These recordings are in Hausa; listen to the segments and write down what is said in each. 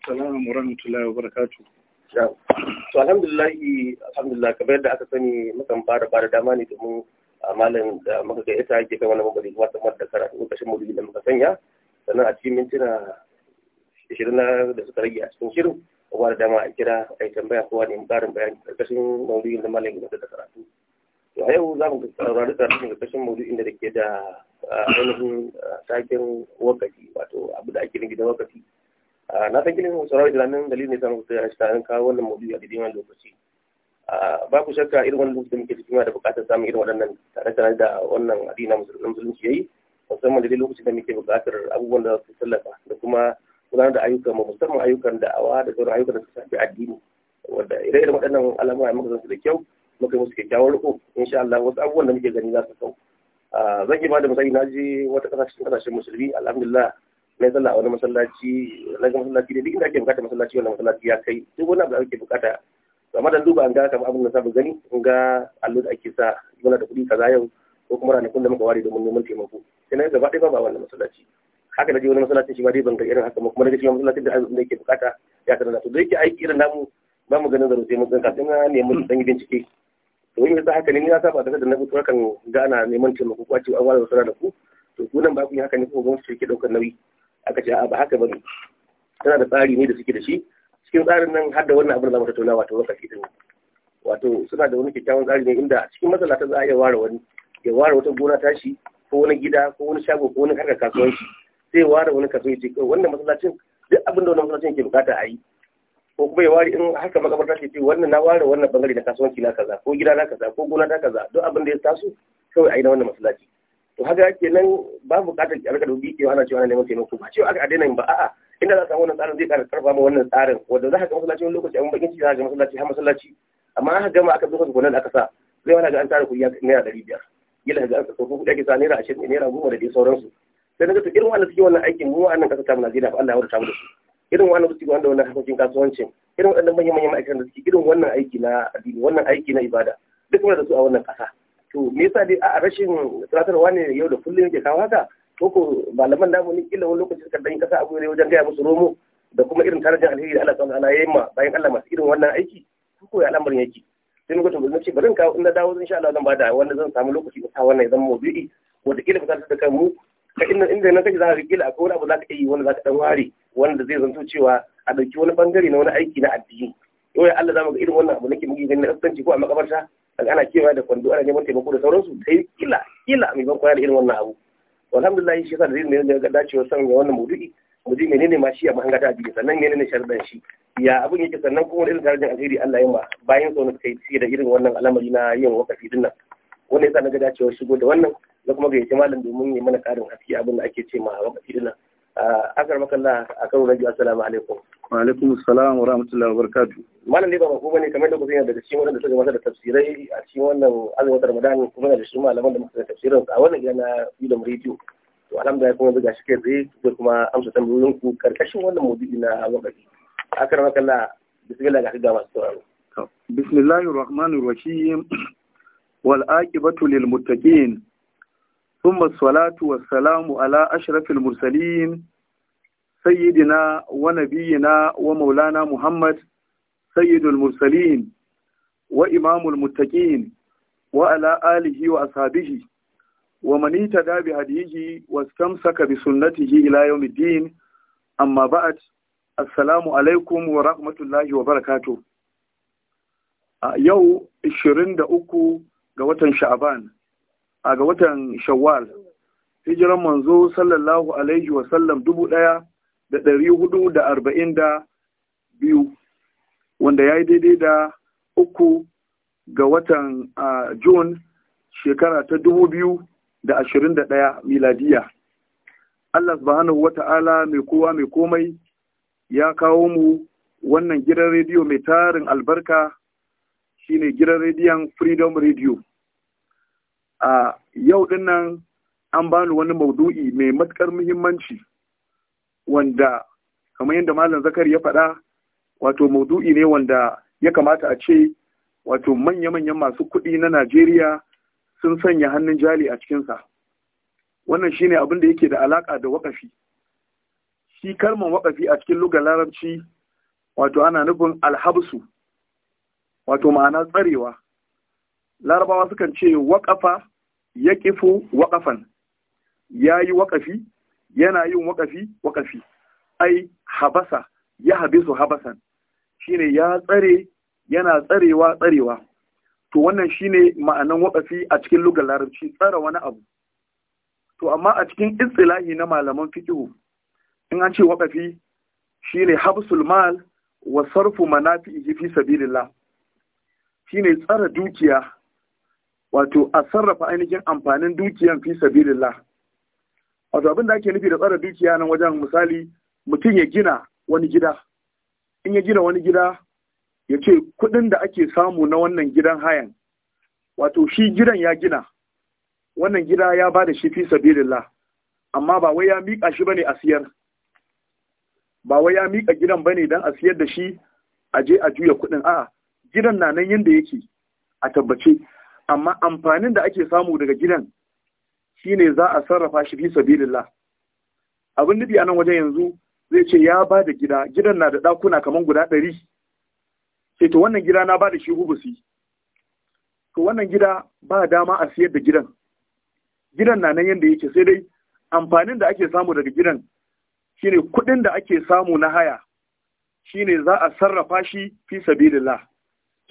Assalamu warahmatullahi wabarakatuh. To alhamdulillah alhamdulillah kamar yadda aka sani mukan fara bada dama ne domin malam da muka ga ita ake wani mabari wata karatu da muka sanya sannan a cikin mintuna da suka rage a cikin shirin kowa da dama a kira a yi tambaya kowa ne karin bayani karkashin da malam da karatu to a yau za mu saurari karatu ne karkashin da ke da ainihin wakati wato abu da ake nufi wakati na san kilin saurari da nan dalilin ne samu kusa shi kawo wannan maudu'i a daidai wani lokaci ba ku shakka irin wannan lokacin muke cikin da bukatar samun irin waɗannan tare tare da wannan addini musulunci yi musamman dalilin lokacin da muke bukatar abubuwan da su tallafa da kuma gudanar da ayyukan mu musamman ayyukan da'awa da sauran ayyukan da suka shafi addini wanda ire-iren waɗannan al'amura muka san su da kyau muka yi musu kyakkyawar riko insha Allah wasu abubuwan da muke gani za su sau. zan yi ba da misali na ji wata ƙasashen musulmi alhamdulillah na zalla a wani masallaci na ga masallaci da duk inda ake bukata masallaci wannan masallaci ya kai duk wani abu da ake bukata amma dan duba an ga kamar abin da sabu gani in ga allo da ake sa yana da kuɗi kaza yau ko kuma ranakun da muka ware domin neman taimako sai na gaba ɗaya ba wannan masallaci haka da je wani masallacin shi ma dai ban ga irin haka kuma daga cikin masallacin da abin da yake bukata ya tarana to da yake aiki irin namu ba mu ganin zaro sai mun tsanka sai na neman dan gidan cike to yin yasa haka ne ni na saba da na fito kan ga ana neman taimako ko a ce an ware da ku to sunan ba ku yi haka ne ko gwamnati ke daukar nauyi aka ce ba haka bane tana da tsari ne da suke da shi cikin tsarin nan har da wannan abin da zamu tattauna wato lokaci din wato suna da wani kyakkyawan tsari ne inda cikin masallata za a iya ware wani ya ware wata gona tashi ko wani gida ko wani shago ko wani harkar kasuwanci sai ware wani kasuwa ce wannan masallacin duk abin da wannan masallacin ke bukata a yi ko kuma ya ware in haka makabarta ce ce wannan na ware wannan bangare na kasuwanci na kaza ko gida na kaza ko gona na kaza duk abin da ya taso kawai a yi na wannan masallaci to haka yake nan ba bukatar ki alka dubi ke wani cewa ana neman taimako ba cewa aka daina ba a'a inda za ka samu wannan tsarin zai ƙara karfa mu wannan tsarin wanda za ka ga masallaci wani lokaci an bakin ciki za ka ga masallaci har masallaci amma aka gama aka zuwa gwanan aka sa zai wani ga an tara kuɗi naira ɗari biyar yadda ga an sa kuɗi ake sa naira ashirin naira goma da dai sauransu sai na ga to irin wannan suke wannan aikin mu wa'annan ƙasar ta mu Najeriya fa Allah ya wadata mu da su irin wannan suke wanda wannan harkokin kasuwancin irin waɗannan manyan manyan ma'aikatan da suke irin wannan aiki na addini wannan aiki na ibada duk wanda da su a wannan ƙasa to me yasa dai a rashin tunatarwa ne yau da kullum yake kawo haka ko ko malaman namu ne kila wani lokaci suka dan kasa abu ne wajen gaya musu romo da kuma irin tarajin alheri da Allah subhanahu wa ta'ala ma bayan Allah masu irin wannan aiki ko ya al'amarin yake sai na gwata na ce bari in kawo in na dawo insha Allah zan bada wannan zan samu lokaci in sa wannan zan zama maudu'i wanda kila fitar da kanmu ka inda inda na kaji za ka kila akwai wani abu za ka yi wanda za ka dan ware wanda zai zanto cewa a dauki wani bangare na wani aiki na addini yau ya Allah za mu ga irin wannan abu nake muke ganin na kasance ko a makabarta kaga ana kewa da kwando ana neman taimako da sauransu sai kila kila mai ban kwana da irin wannan abu alhamdulillah shi yasa da zai ne ga dacewa san ga wannan maudu'i mu ji menene ma shi a mahanga ta biyu sannan menene sharɗan shi ya abin yake sannan kuma irin tarajin alheri Allah ya ma bayan tsohon kai ci da irin wannan al'amari na yin wakafi din nan wanda yasa na ga dacewa shigo da wannan da kuma gayyace malam domin ya mana karin haske abin da ake ce ma wakafi din nan ah, akar makalla a karo na biyu assalamu alaikum wa salam wa rahmatullahi wa barakatuh malam ne ba mako bane kamar da ku yana daga cikin wanda suka masa da tafsirai a cikin wannan da ramadan kuma da shi malaman da muka da tafsirin a wannan gida na freedom radio to alhamdulillah kuma zuga shi kai tsaye da kuma amsa tambayoyin ku karkashin wannan maudu'i na wakati akram kallah bismillah ga kiga masu sauraro bismillahir rahmanir rahim wal aqibatu lil muttaqin ثم الصلاة والسلام على أشرف المرسلين سيدنا ونبينا ومولانا محمد سيد المرسلين وإمام المتقين وعلى آله وأصحابه ومن اهتدى بهديه واستمسك بسنته إلى يوم الدين أما بعد السلام عليكم ورحمة الله وبركاته يو الشرين دعوكو watan شعبان a شوال watan Shawwal hijiran manzo sallallahu alaihi wa dubu ɗaya da ɗari hudu da arba'in da biyu wanda ya yi daidai da uku ga watan Jun shekara ta dubu biyu da ashirin da ɗaya miladiya. Allah subhanahu wata'ala mai kowa mai komai ya kawo mu wannan gidan rediyo mai tarin albarka shine gidan rediyon Freedom Radio. A yau dinnan an bani wani maudu'i mai matukar muhimmanci wanda kamar yadda malam zakari ya faɗa wato maudu'i ne wanda ya kamata a ce wato manya-manyan masu kuɗi na Najeriya sun sanya hannun jari a cikinsa. Wannan shine abin da yake da alaƙa da waƙafi. Shi kalman waƙafi a cikin lugar larabci wato ana nufin alhabsu, wato ma'ana tsarewa. Larabawa sukan ce waƙafa ya ƙifo waƙafan, ya yi waƙafi yana yin waƙafi waƙafi ai habasa ya habisu habasan shine ya tsare yana tsarewa tsarewa to wannan shine ma'anan waƙafi a cikin lugar larabci tsara wani abu to amma a cikin istilahi na malaman fiqhu in an ce waƙafi shine habsul mal wa sarfu manafi'ihi fi sabilillah shine tsara dukiya wato a sarrafa ainihin amfanin dukiyan fi sabilillah wato abin da ake nufi da tsara dukiya nan wajen misali mutum ya gina wani gida in ya gina wani gida ya ce kuɗin da ake samu na wannan gidan hayan wato shi gidan ya gina wannan gida ya ba da shi fi sabilillah amma ba wai ya miƙa shi bane a siyar ba wai ya miƙa gidan bane dan a siyar da shi a je a juya kuɗin a gidan na nan yanda yake a tabbace amma amfanin da ake samu daga gidan shine za a sarrafa shi fi sabilillah abin nufi a nan wajen yanzu zai ce ya ba da gida gidan na da ɗakuna kamar guda ɗari sai to wannan gida na ba da shi hubusi to wannan gida ba dama a siyar da gidan gidan na nan yadda yake sai dai amfanin da ake samu daga gidan shine kuɗin da ake samu na haya shine za a sarrafa shi fi sabilillah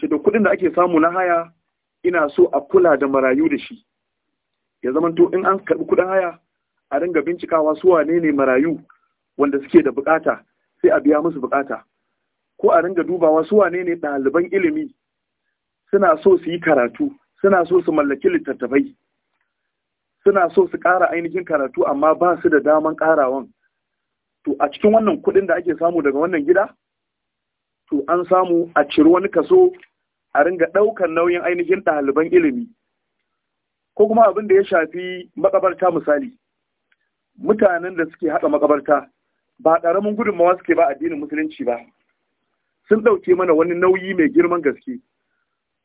Sai da kuɗin da ake samu na haya ina so a kula da marayu da shi ya zama to in an karɓi kudin haya a ringa bincikawa su wane ne marayu wanda suke da bukata sai a biya musu bukata ko a ringa dubawa su wane ne ɗaliban ilimi suna so su yi karatu suna so su mallaki littattafai suna so su ƙara ainihin karatu amma ba su da daman ƙarawan to a cikin wannan kuɗin da ake samu daga wannan gida to an samu a ciri wani kaso a ringa ɗaukar nauyin ainihin ɗaliban ilimi ko kuma abin da ya shafi makabarta misali mutanen da suke haɗa makabarta ba ƙaramin gudunmawa suke ba addinin musulunci ba sun ɗauke mana wani nauyi mai girman gaske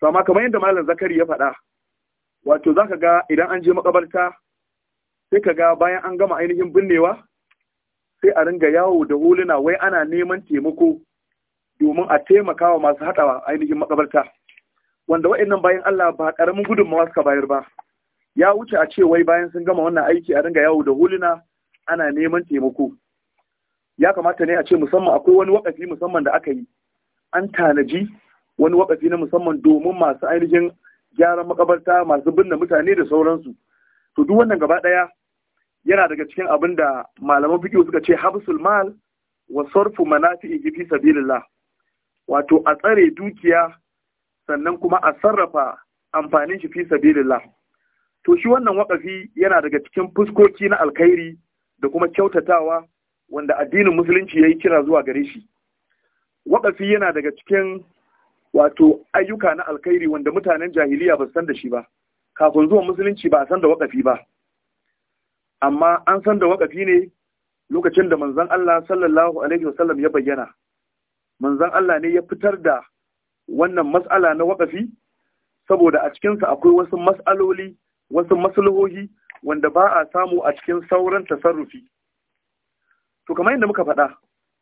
sama kamar yadda malam zakari ya faɗa wato za ka ga idan an je makabarta sai ka ga bayan an gama ainihin binnewa sai a ringa yawo da huluna wai ana neman taimako domin a taimaka wa masu haɗawa ainihin makabarta wanda wa'annan bayan Allah ba ƙaramin gudunmawa suka bayar ba ya wuce a ce wai bayan sun gama wannan aiki a dinga yawo da huluna ana neman taimako ya kamata ne a ce musamman akwai wani wakafi musamman da aka yi an tanaji wani wakafi na musamman domin masu ainihin gyaran makabarta masu binne mutane da sauransu to duk wannan gaba ɗaya yana daga cikin abin da malaman fiqh suka ce habsul mal wa sarfu manafi'ihi fi sabilillah wato a tsare dukiya sannan kuma a sarrafa amfanin shi fi sabilillah to shi wannan waƙafi yana daga cikin fuskoki na alkhairi da kuma kyautatawa wanda addinin musulunci ya yi kira zuwa gare shi waƙafi yana daga cikin wato ayyuka na alkhairi wanda mutanen jahiliya ba san da shi ba kafin zuwa musulunci ba a san da waƙafi ba amma an san da waƙafi ne lokacin da manzon Allah sallallahu alaihi wasallam ya bayyana manzon Allah ne ya fitar da wannan mas'ala na waƙafi saboda a cikinsa akwai wasu mas'aloli wasu maslahohi wanda ba a samu a cikin sauran tasarrufi to kamar yadda muka faɗa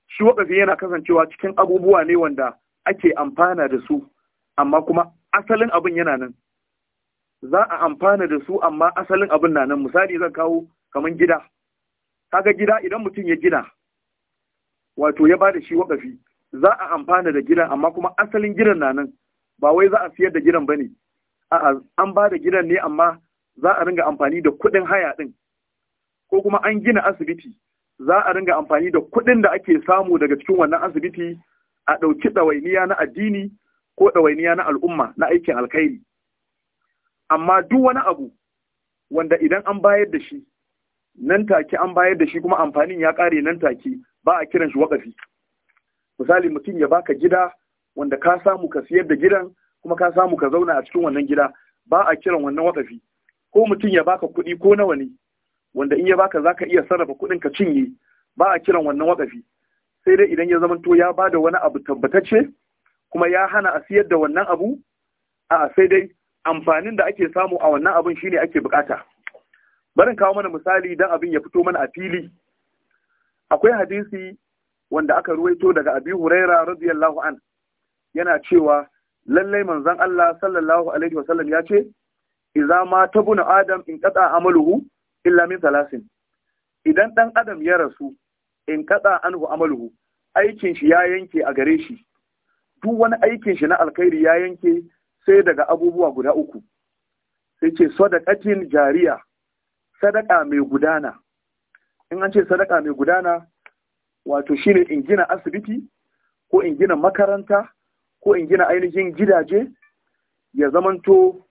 shi waƙafi yana kasancewa cikin abubuwa ne wanda ake amfana da su amma kuma asalin abin yana nan za a amfana da su amma asalin abin na nan misali zan kawo kamar gida kaga gida idan mutum ya gina wato ya ba da shi waƙafi za a amfana da gidan amma kuma asalin gidan na nan ba wai za a siyar da gidan ba ne a'a an ba da gidan ne amma za a ringa amfani da kuɗin haya ɗin ko kuma an gina asibiti za a ringa amfani da kuɗin da ake samu daga cikin wannan asibiti a ɗauki ɗawainiya na addini ko ɗawainiya na al'umma na aikin alkhairi amma duk wani abu wanda idan an bayar da shi nan take an bayar da shi kuma amfanin ya ƙare nan take ba a kiran shi waƙafi misali mutum ya baka gida wanda ka samu ka siyar da gidan kuma ka samu ka zauna a cikin wannan gida ba a kiran wannan waƙafi ko mutum ya baka kuɗi ko nawa ne wanda in ya baka za ka iya sarrafa kuɗin ka cinye ba a kiran wannan wakafi sai dai idan ya zama to ya bada wani abu tabbatacce kuma ya hana a siyar da wannan abu a sai dai amfanin da ake samu a wannan abin shine ake bukata barin kawo mana misali dan abin ya fito mana a fili akwai hadisi wanda aka ruwaito daga abi huraira radiyallahu an yana cewa lallai manzon Allah sallallahu alaihi wasallam ya ce Iza ma tabuna adam in kada amaluhu illa min salasin idan dan adam ya rasu in kada anhu amaluhu aikin shi ya yanke a gare shi duk wani aikin shi na alkhairi ya yanke sai daga abubuwa guda uku sai ce sadaqatin jariya sadaka mai gudana in an ce sadaka mai gudana wato shine in gina asibiti ko in gina makaranta ko in gina ainihin gidaje ya zamanto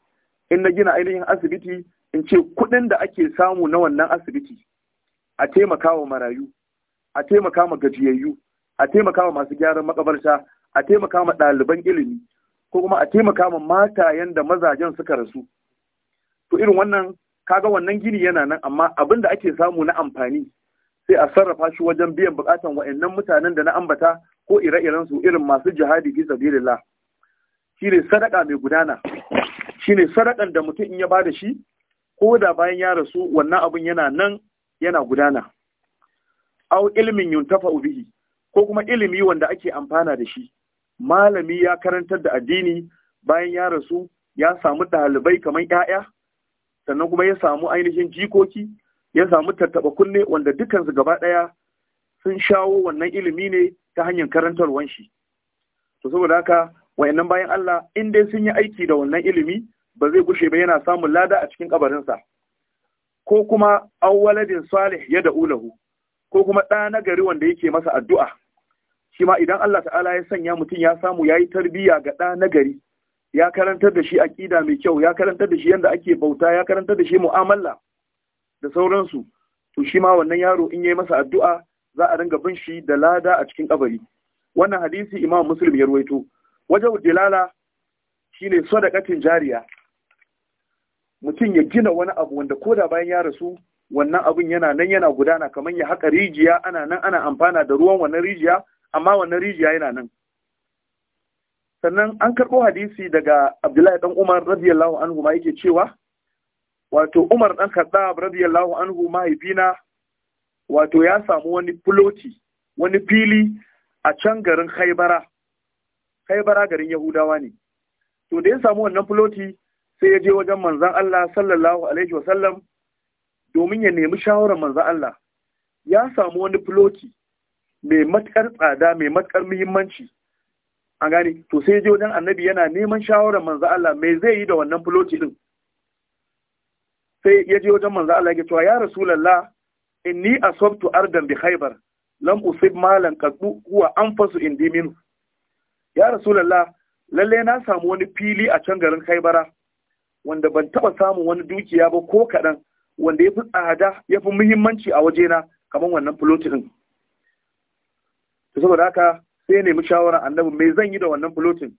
in na gina ainihin asibiti in ce kuɗin da ake samu na wannan asibiti a taimaka wa marayu a taimaka ma gajiyayyu a taimaka ma masu gyaran makabarta a taimaka ma ɗaliban ilimi ko kuma a taimaka ma matayen da mazajen suka rasu to irin wannan kaga wannan gini yana nan amma abin da ake samu na amfani sai a sarrafa shi wajen biyan bukatan wa'annan mutanen da na ambata ko ire-irensu irin masu jihadi fi sabilillah ne sadaka mai gudana shine sadakan da mutum in ya da shi ko da bayan ya rasu wannan abun yana nan yana gudana au ilmin yuntafa bihi ko kuma ilimi wanda ake amfana da shi malami ya karantar da addini bayan ya rasu ya samu ɗalibai kamar 'ya'ya sannan kuma ya samu ainihin jikoki ya samu tattaɓa kunne wanda dukansu gaba ɗaya sun shawo wannan ilimi ne ta hanyar karantarwan shi to saboda haka wayannan bayan Allah in dai sun yi aiki da wannan ilimi ba zai gushe ba yana samun lada a cikin kabarinsa ko kuma an waladin salih ya da ulahu ko kuma ɗa na gari wanda yake masa addu'a shi ma idan Allah ta'ala ya sanya mutum ya samu ya yi tarbiyya ga ɗa na gari ya karantar da shi aqida mai kyau ya karantar da shi yadda ake bauta ya karantar da shi mu'amala da sauransu to shi ma wannan yaro in yayi masa addu'a za a ringa bin shi da lada a cikin kabari wannan hadisi imam muslim ya ruwaito wajen dilala shine sadaqatin jariya mutum ya gina wani abu wanda koda bayan ya rasu wannan abun yana nan yana gudana kamar ya haƙa rijiya ana nan ana amfana da ruwan wannan rijiya amma wannan rijiya yana nan sannan an karɓo hadisi daga abdullahi ɗan umar radiyallahu anhu ma yake cewa wato umar ɗan khattab radiyallahu anhu mahaifina wato ya samu wani filoti wani fili a can garin haibara kai bara garin yahudawa ne to da ya samu wannan filoti sai ya je wajen manzan Allah sallallahu alaihi wasallam domin ya nemi shawarar manzan Allah ya samu wani filoti mai matuƙar tsada mai matuƙar muhimmanci an gane to sai ya je wajen annabi yana neman shawarar manzan Allah me zai yi da wannan filoti ɗin. sai ya je wajen manzan Allah ya cewa ya rasulullah inni asabtu ardan bi khaybar lam usib malan qad huwa anfasu indi minhu ya Rasulallah, lalle na samu wani fili a can garin Khaibara wanda ban taba samun wani dukiya ba ko kaɗan wanda ya fi tsada ya fi muhimmanci a wajena kamar wannan fuloti ɗin. saboda haka sai ya nemi shawara annabi mai zan yi da wannan filotin?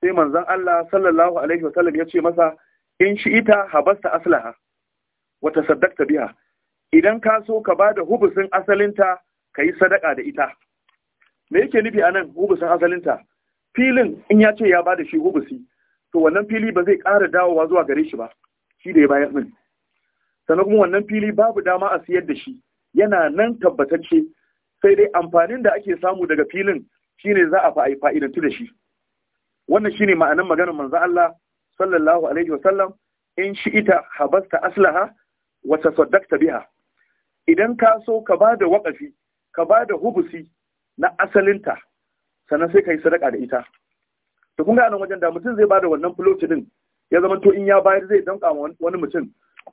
sai manzon Allah sallallahu alaihi wa sallam ya ce masa in shi ita habasta aslaha wata saddakta biya. idan ka so ka ba da hubusin asalinta ka yi sadaka da ita me yake nufi a nan hubusin asalinta filin in ya ce ya ba da shi hubusi to wannan fili ba zai ƙara dawowa zuwa gare shi ba shi da ya bayar min sannan kuma wannan fili babu dama a siyar da shi yana nan tabbatacce sai dai amfanin da ake samu daga filin shine za a fa'idantu da shi wannan shine ma'anar maganar manzo Allah sallallahu alaihi wa sallam in Habas habasta aslaha wa tasaddaqta biha idan ka so ka ba da waqafi ka bada hubusi na asalinta sannan sai ka yi sadaka da ita to kun ga nan wajen da mutum zai bada wannan fuloti din ya zama to in ya bayar zai danka wani mutum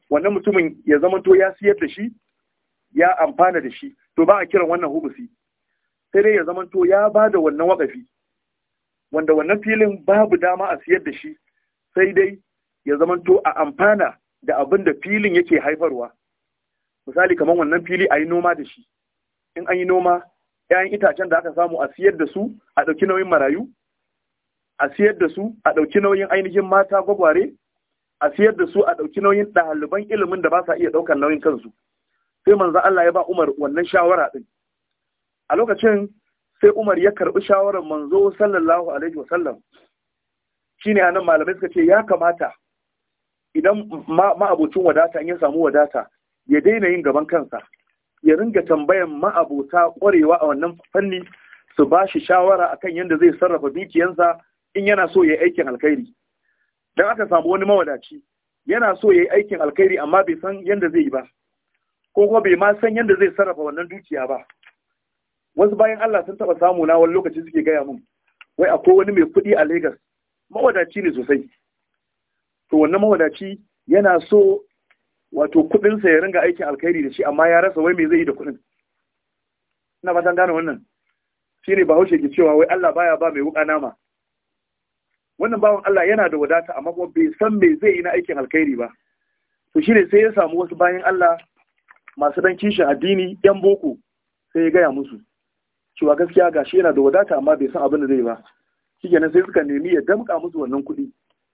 wannan mutumin ya zama to ya siyar da shi ya amfana da shi to ba a kiran wannan hubusi sai dai ya zama to ya bada wannan wakafi wanda wannan filin babu dama a siyar da shi sai dai ya zama to a amfana da abin da filin yake haifarwa misali kamar wannan fili a yi noma da shi in an yi noma ‘ya'yan itacen da aka samu a siyar da su a ɗauki nauyin marayu, a siyar da su a ɗauki nauyin ainihin mata gwagware, a siyar da su a ɗauki nauyin ɗaliban ilimin da ba sa iya ɗaukar nauyin kansu. Sai manzo Allah ya ba Umar wannan shawara ɗin. A lokacin sai Umar ya karɓi shawarar manzo sallallahu alaihi wa sallam. Shine a nan malamai suka ce ya kamata idan ma'abocin wadata in ya samu wadata ya daina yin gaban kansa. ya ringa tambayan ma'abota ƙwarewa a wannan fanni su ba shi shawara kan yadda zai sarrafa dukiyansa in yana so ya yi aikin alkhairi Don aka samu wani mawadaci yana so ya yi aikin alkhairi amma bai san yadda zai yi ba ko kuma bai ma san yadda zai sarrafa wannan dukiya ba wasu bayan Allah sun taɓa samu na wani lokaci suke gaya mun wai akwai wani mai kuɗi a Legas mawadaci ne sosai to wannan mawadaci yana so wato kuɗinsa ya ringa aikin alkhairi da shi amma ya rasa wai me zai yi da kuɗin ina fatan gane wannan shine bahaushe ke cewa wai Allah baya ba mai wuka nama wannan bawan Allah yana da wadata amma kuma bai san me zai yi na aikin alkhairi ba to shine sai ya samu wasu bayan Allah masu dan kishin addini yan boko sai ya gaya musu cewa gaskiya gashi yana da wadata amma bai san abin da zai ba shikenan sai suka nemi ya damƙa musu wannan kuɗi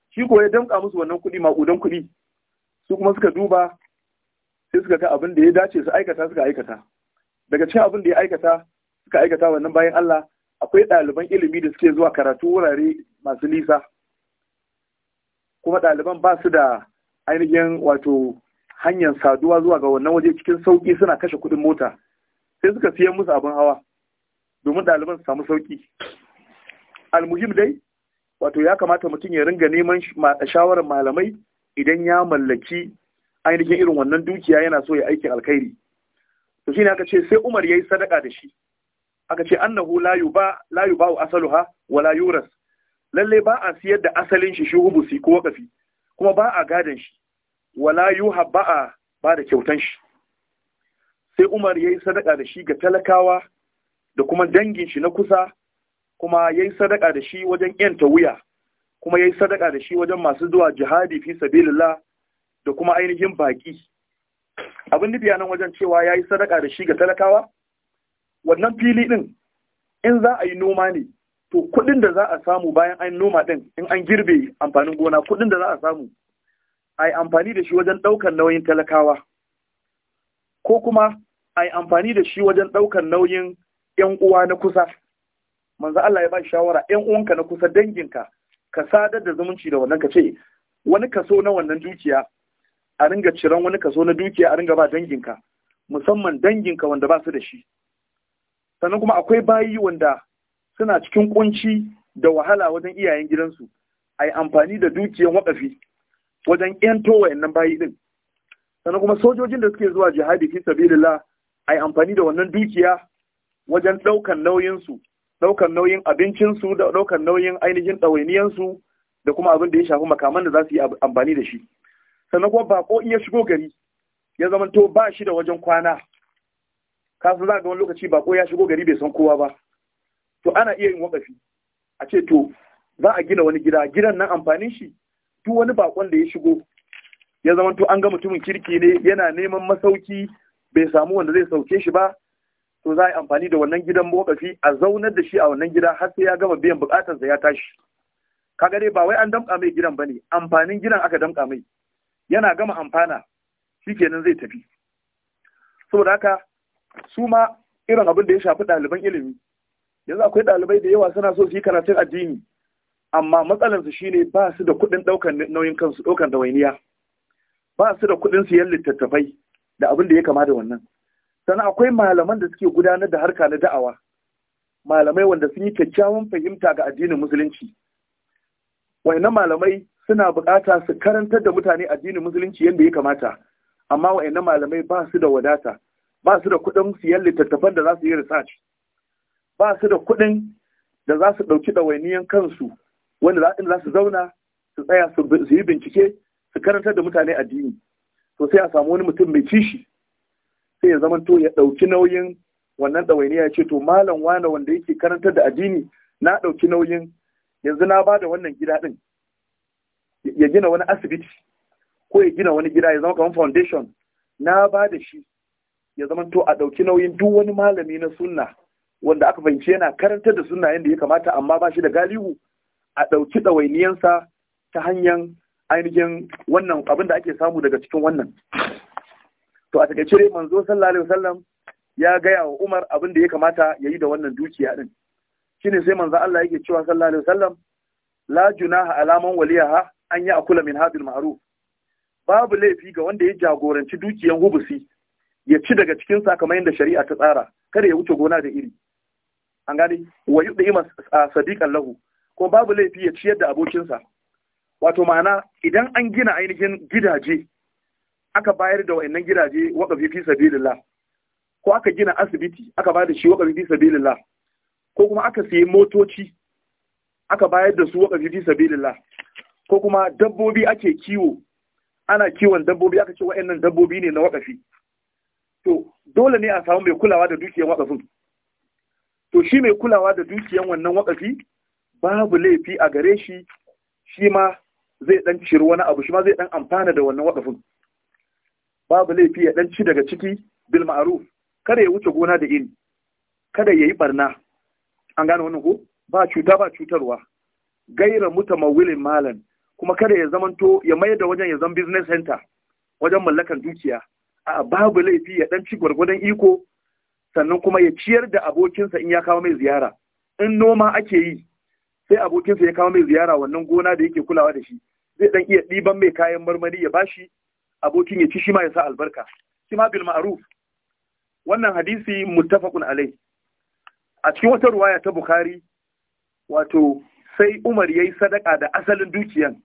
shi ko ya damƙa musu wannan kuɗi maƙudan kuɗi su kuma suka duba sai suka ga abin da ya dace su aikata suka aikata daga cikin abin da ya aikata suka aikata wannan bayan Allah akwai ɗaliban ilimi da suke zuwa karatu wurare masu nisa kuma ɗaliban ba su da ainihin wato hanyar saduwa zuwa ga wannan waje cikin sauki suna kashe kuɗin mota sai suka siyan musu abin hawa domin ɗaliban su samu sauƙi almuhim dai wato ya kamata mutum ya ringa neman shawarar malamai idan ya mallaki ainihin irin wannan dukiya yana so ya aikin alkhairi to shine aka ce sai Umar ya yi sadaka da shi aka ce annahu la yuba la asalu ha? wa la yuras lalle ba a siyar da asalin shi shuhubusi ko wakafi kuma ba a gadan shi wala yuha ba a ba da kyautan shi sai Umar yayi sadaka da shi ga talakawa da kuma dangin shi na kusa kuma yayi sadaka da shi wajen yanta wuya kuma ya yi sadaka da shi wajen masu zuwa jihadi fi sabilillah da kuma ainihin baki abin nufi nan wajen cewa ya yi sadaka da shi ga talakawa wannan fili din in za a yi noma ne to kuɗin da za a samu bayan an noma din in an girbe amfanin gona kuɗin da za a samu a yi amfani da shi wajen ɗaukar nauyin talakawa ko kuma a yi amfani da shi wajen ɗaukar nauyin ‘yan uwa na kusa manzo Allah ya ba shawara ‘yan uwanka na kusa danginka ka sadar da zumunci da wannan ka ce wani kaso na wannan dukiya a ringa ciran wani kaso na dukiya a ringa ba danginka musamman danginka wanda ba su da shi sannan kuma akwai bayi wanda suna cikin kunci da wahala wajen iyayen gidansu a yi amfani da dukiyan wakafi wajen yanto wayannan bayi din sannan kuma sojojin da suke zuwa jihadi fi sabilillah a yi amfani da wannan dukiya wajen ɗaukan nauyinsu ɗaukar nauyin abincinsu da ɗaukar nauyin ainihin ɗawainiyansu da kuma abin da ya shafi makaman da za su yi amfani da shi sannan kuma bako in ya shigo gari ya to ba shi da wajen kwana kasu za ga wani lokaci bako ya shigo gari bai san kowa ba to ana iya yin wakafi a ce to za a gina wani gida gidan nan amfanin shi duk wani bakon da ya shigo ya zamanto an ga mutumin kirki ne yana neman masauki bai samu wanda zai sauke shi ba to za a yi amfani da wannan gidan mokafi a zaunar da shi a wannan gida har sai ya gama biyan bukatarsa ya tashi kaga dai ba wai an damƙa mai gidan bane amfanin gidan aka damƙa mai yana gama amfana shikenan zai tafi saboda haka su ma irin abin da ya shafi ɗaliban ilimi yanzu akwai ɗalibai da yawa suna so su yi karatun addini amma matsalarsu shine ba su da kuɗin ɗaukan nauyin kansu ɗaukan dawainiya ba su da kuɗin siyan littattafai da abin da ya kama da wannan sannan akwai malaman da suke gudanar da harka na da'awa malamai wanda sun yi kyakkyawan fahimta ga addinin musulunci wayannan malamai suna bukata su karantar da mutane addinin musulunci yadda ya kamata amma wayannan malamai ba su da wadata ba su da kuɗin siyan littattafan da za su yi research ba su da kuɗin da za su ɗauki ɗawainiyan kansu wanda za su zauna su tsaya su yi bincike su karantar da mutane addini to sai a samu wani mutum mai kishi sai ya zama to ya ɗauki nauyin wannan ɗawainiya ya ce to malam wane wanda yake karantar da addini na ɗauki nauyin yanzu na ba da wannan gida ɗin ya gina wani asibiti ko ya gina wani gida ya zama kamar foundation na ba da shi ya zama to a ɗauki nauyin duk wani malami na sunna wanda aka fahimci yana karantar da sunna yadda ya kamata amma ba shi da galihu a ɗauki ɗawainiyansa ta hanyar ainihin wannan abin da ake samu daga cikin wannan to a take cire manzo sallallahu alaihi wasallam ya gaya wa Umar abin da ya kamata ya yi da wannan dukiya din shine sai manzo Allah yake cewa sallallahu alaihi wasallam la junaha alaman waliyaha an ya akula min hadil ma'ruf babu laifi ga wanda ya jagoranci dukiyan hubusi ya ci daga cikin sakamain da shari'a ta tsara kada ya wuce gona da iri an gane wa yudhi sadiqan lahu ko babu laifi ya ciyar da abokinsa wato ma'ana idan an gina ainihin gidaje aka bayar da wa'annan gidaje waƙafi fi sabilillah ko aka gina asibiti aka bayar da shi waƙafi fi sabilillah ko kuma aka sayi motoci aka bayar da su waƙafi fi sabilillah ko kuma dabbobi ake kiwo ana kiwon dabbobi aka ce wa'annan dabbobi ne na waƙafi to dole ne a samu mai kulawa da dukiyar waƙafin to shi mai kulawa da dukiyar wannan waƙafi babu laifi a gare shi shi ma zai dan ciri wani abu shi ma zai dan amfana da wannan waƙafin babu laifi ya danci daga ciki bil ma'ruf kada ya wuce gona da iri kada ya yi barna an gane wannan ko ba cuta ba cutarwa gaira mutamawilin malan kuma kada ya zamanto ya mayar da wajen ya zan business center wajen mallakan dukiya a babu laifi ya ɗanci ci gwargwadon iko sannan kuma ya ciyar da abokinsa in ya kawo mai ziyara in noma ake yi sai abokinsa ya kawo mai ziyara wannan gona da yake kulawa da shi zai dan iya ɗiban mai kayan marmari ya bashi abokin ya ci shi ma ya sa albarka shi ma bil ma'ruf wannan hadisi muttafaqun alai a cikin wata ruwaya ta bukhari wato sai umar yayi sadaka da asalin dukiyan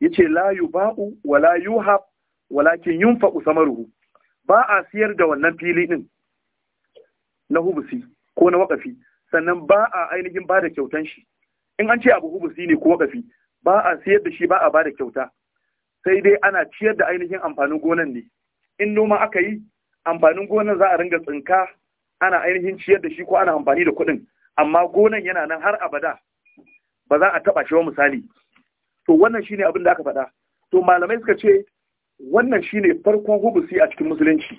yace la yuba'u wa la yuhab walakin yunfaqu samaruhu ba a siyar da wannan fili din na hubusi ko na wakafi sannan ba a ainihin ba da kyautan shi in an ce abu hubusi ne ko wakafi ba a siyar da shi ba a ba da kyauta sai dai ana ciyar da ainihin amfanin gonan ne in noma aka yi amfanin gonan za a ringa tsinka ana ainihin ciyar da shi ko ana amfani da kuɗin amma gonan yana nan har abada ba za a taɓa shi ba misali to wannan shine abin da aka faɗa to malamai suka ce wannan shine farkon hubusi a cikin musulunci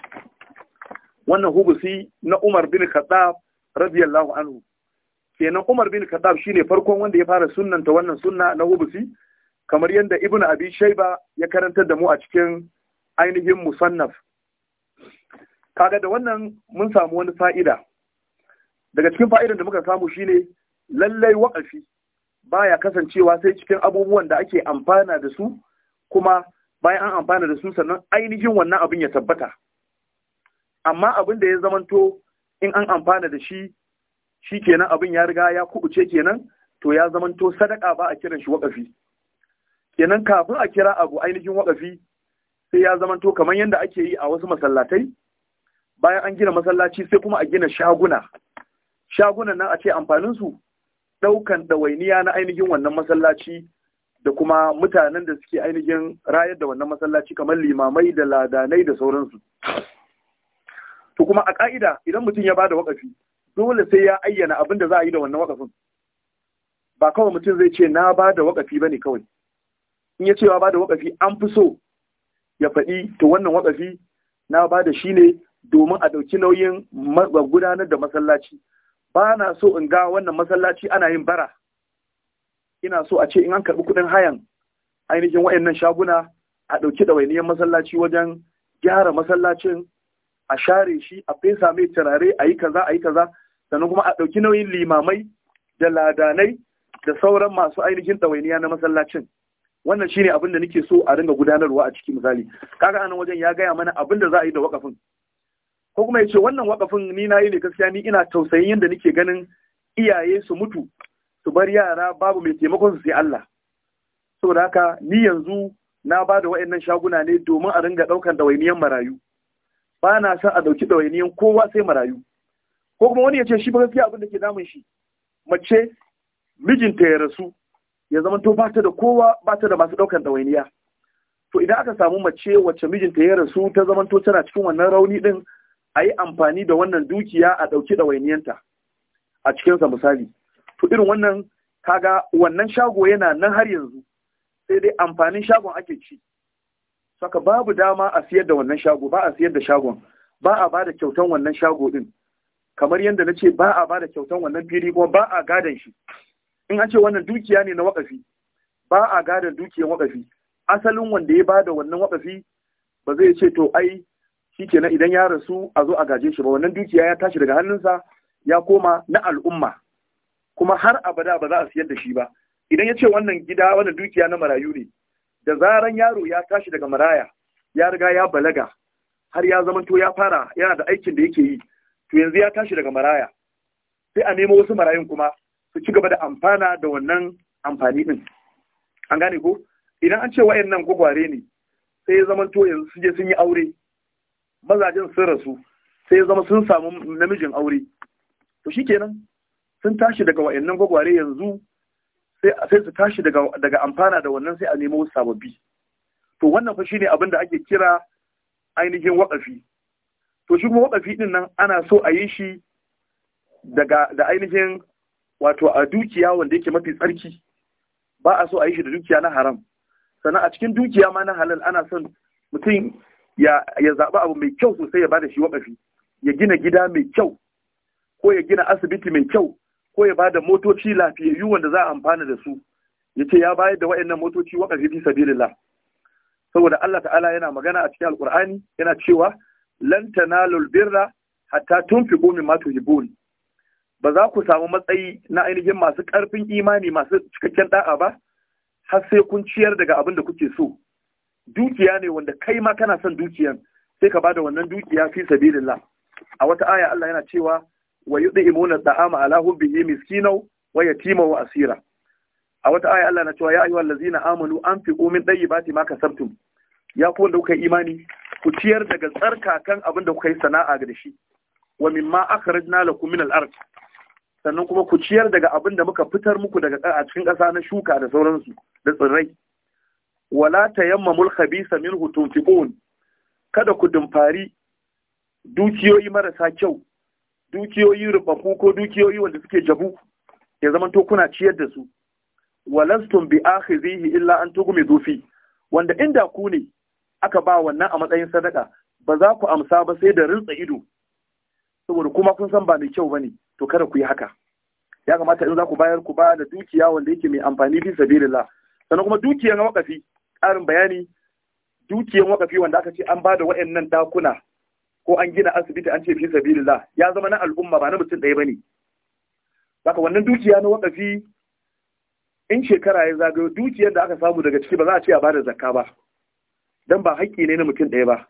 wannan hubusi na Umar bin Khattab radiyallahu anhu kenan Umar bin Khattab shine farkon wanda ya fara sunnanta wannan sunna na hubusi kamar yadda ibn abi shaiba ya karantar da mu a cikin ainihin musannaf kaga da wannan mun samu wani fa'ida daga cikin fa'idan da muka samu shine lallai waƙafi baya kasancewa sai cikin abubuwan da ake amfana da su kuma bayan an amfana da su sannan ainihin wannan abin ya tabbata amma abin da ya zamanto in an amfana da shi shi kenan abin ya riga ya kubuce kenan to ya zamanto sadaka ba a kiran shi waƙafi kenan kafin a kira abu ainihin waƙafi sai ya zamanto kamar yadda ake yi a wasu masallatai bayan an gina masallaci sai kuma a gina shaguna shagunan nan a ce amfanin su ɗaukan ɗawainiya na ainihin wannan masallaci da kuma mutanen da suke ainihin rayar da wannan masallaci kamar limamai da ladanai da sauransu to kuma a ƙa'ida idan mutum ya bada wakafi dole sai ya ayyana abin da za a yi da wannan wakafin ba kawai mutum zai ce na ba da wakafi ne kawai in ya cewa ba da wakafi an fi so ya faɗi to wannan wakafi na ba da shi ne domin a ɗauki nauyin gudanar da masallaci ba na so in ga wannan masallaci ana yin bara ina so a ce in an karɓi kuɗin hayan ainihin wayannan shaguna a ɗauki ɗawainiyar masallaci wajen gyara masallacin a share shi a fesa mai turare a yi kaza a yi kaza sannan kuma a ɗauki nauyin limamai da ladanai da sauran masu ainihin ɗawainiya na masallacin wannan shine abin da nake so a ringa gudanarwa a ciki misali kaga anan wajen ya gaya mana abin da za a yi da wakafin ko kuma ya ce wannan wakafin ni na yi ne gaskiya ni ina tausayin yadda nake ganin iyaye su mutu su bar yara babu mai taimakon su sai Allah saboda haka ni yanzu na ba da wa'annan shaguna ne domin a ringa ɗaukar dawainiyan marayu ba na son a ɗauki ɗawainiyan kowa sai marayu ko kuma wani ya ce shi ba gaskiya abin da ke damun shi mace mijinta ya rasu ya zama to ba ta da kowa ba ta da masu ɗaukan ɗawainiya to idan aka samu mace wacce mijinta ya rasu ta zama to tana cikin wannan rauni din a yi amfani da wannan dukiya a ɗauki ɗawainiyanta a cikinsa misali to irin wannan kaga wannan shago yana nan har yanzu sai dai amfanin shagon ake ci saka babu dama a siyar da wannan shago ba a siyar da shagon ba a ba da kyautan wannan shago din kamar yadda na ce ba a ba da kyautan wannan fili kuma ba a gadon shi in an ce wannan dukiya ne na wakafi ba a gada dukiyar wakafi asalin wanda ya bada wannan wakafi ba zai ce to ai shi shikenan idan ya rasu a zo a gaje shi ba wannan dukiya ya tashi daga hannunsa ya koma na al'umma kuma har abada ba za a siyar da shi ba idan ya ce wannan gida wannan dukiya na marayu ne da zaran yaro ya tashi daga maraya ya riga ya balaga har ya zama to ya fara yana da aikin da yake yi to yanzu ya tashi daga maraya sai a nemo wasu marayun kuma su ci gaba da amfana da wannan amfani din an gane ko idan an ce wayannan gwagware ne sai ya zama to su je sun yi aure mazajen sun rasu sai ya zama sun samu namijin aure to shikenan sun tashi daga wayannan gwagware yanzu sai su tashi daga amfana da wannan sai a nemo wasu sababbi to wannan fa shine abin da ake kira ainihin waƙafi to shi kuma waƙafi din nan ana so a yi shi daga da ainihin wato a dukiya wanda yake mafi tsarki ba a so a yi shi da dukiya na haram sannan a cikin dukiya ma na halal ana son mutum ya zaɓi abu mai kyau sosai ya bada shi waƙafi ya gina gida mai kyau ko ya gina asibiti mai kyau ko ya ba da motoci lafiyayyu wanda za a amfana da su ya ce ya bayar da waɗannan motoci waƙafi fi sabilillah saboda Allah ta'ala yana magana a cikin alƙur'ani yana cewa lan tanalul birra hatta tunfiqu mimma tuhibbun ba za ku samu matsayi na ainihin masu ƙarfin imani masu cikakken ɗa'a ba har sai kun ciyar daga abin da kuke so dukiya ne wanda kai ma kana son dukiyan sai ka bada wannan dukiya fi sabilillah a wata aya Allah yana cewa wa yud'imuna da'ama ala hubbihi miskinau wa tima wa asira a wata aya Allah na cewa ya ayyuhal an amanu komin ɗayi ba ma kasabtum ya ku wanda kuka imani ku ciyar daga tsarkakan abin da kuka yi sana'a da shi wa ma akhrajna lakum min al-ardh sannan kuma ku ciyar daga abin da muka fitar muku daga a cikin ƙasa na shuka da sauransu da tsirrai wala ta tayammamul khabisa samin tunfiqun kada ku dumfari dukiyoyi marasa kyau dukiyoyi rufafu ko dukiyoyi wanda suke jabu ya zama to kuna ciyar da su walastum bi akhizihi illa an mai zufi wanda inda ku ne aka ba wannan a matsayin sadaka ba za ku amsa ba sai da rintsa ido saboda kuma kun san ba mai kyau ba ne. to kada ku yi haka ya kamata in za ku bayar ku ba da dukiya wanda yake mai amfani fi sabilillah sannan kuma dukiyan wakafi ƙarin bayani dukiyan wakafi wanda aka ce an ba da wa'annan dakuna ko an gina asibiti an ce fi sabilillah ya zama na al'umma ba na mutum ɗaya bane zaka wannan dukiya na wakafi in shekara ya zagayo dukiyar da aka samu daga ciki ba za a ce a ba da zakka ba dan ba haƙƙi ne na mutum ɗaya ba